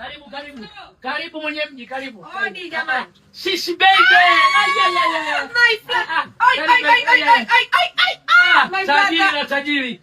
Karibu, karibu. Karibu mwenye mji, karibu. Hodi jamani. Shishi baby. Ai ai ai. Ai ai ah, ah, ah. ai ai ai. Tajiri na tajiri.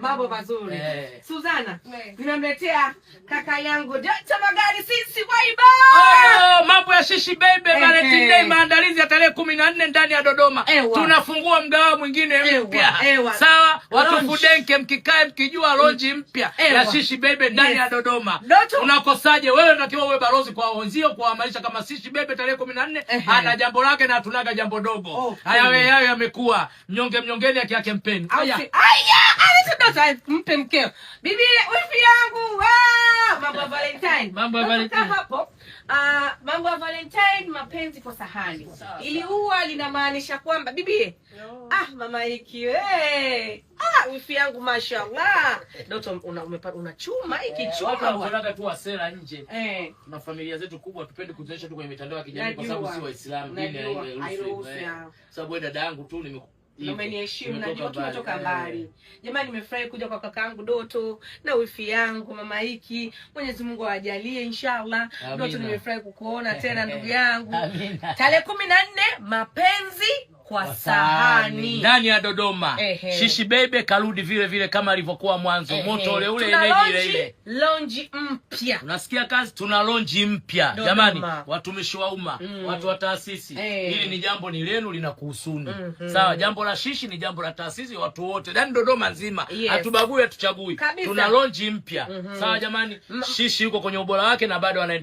Mambo mazuri. Suzana, nimemletea kaka yangu Magari sisi waiba. mambo ya shishi bebe Valentine Maandalizi ya tarehe kumi na nne ndani ya Dodoma. Tunafungua mgawa mwingine mpya. Sawa, watufudenke mkikae mkijua loji mpya ya shishi bebe ndani ya Dodoma. Unakosaje wewe? wewe unatakiwa uwe balozi kwa wenzio kuwahamasisha, kama sisi Bebe tarehe kumi na nne ana jambo lake na tunaga jambo dogo. haya okay. hayo yamekuwa mnyonge mnyongeni yake yake mpeni. Haya. Haya, anataka mpe mkeo. Bibi wifi yangu, ah, mambo ya Valentine. Mambo ya Valentine. Hapo. Uh, mambo ya Valentine mapenzi kwa sahani. Ili huwa linamaanisha kwamba bibi no. Ah mama iki eh. Ah wifi yangu mashallah. Doto una una chuma iki eh, chuma. Watu wanataka tu wasela nje. Eh. Na familia zetu kubwa tupende kuzoesha tu kwenye mitandao ya kijamii kwa sababu si Waislamu dini hairuhusu. Eh. Sababu dada yangu tu nimekuwa na umeniheshimu, najua tumetoka mbali. Jamani, nimefurahi kuja kwa kakaangu Doto na wifi yangu mama hiki. Mwenyezi Mungu awajalie inshallah. Doto, nimefurahi kukuona tena ndugu yangu. Tarehe kumi na nne mapenzi kwa sahani ndani ya Dodoma. Ehe. Shishi Bebe karudi vile vile kama alivyokuwa mwanzo. Moto ule ule ile ile. Lonji mpya. Unasikia kazi, tuna lonji mpya jamani, watumishi wa umma mm. watu wa taasisi. Eh. Hili ni jambo ni lenu linakuhusuni. mm -hmm. Sawa, jambo la shishi ni jambo la taasisi, watu wote ndani Dodoma nzima. Yes. Hatubagui, hatuchagui, tuna lonji mpya. mm -hmm. Sawa jamani, shishi yuko kwenye ubora wake na bado ana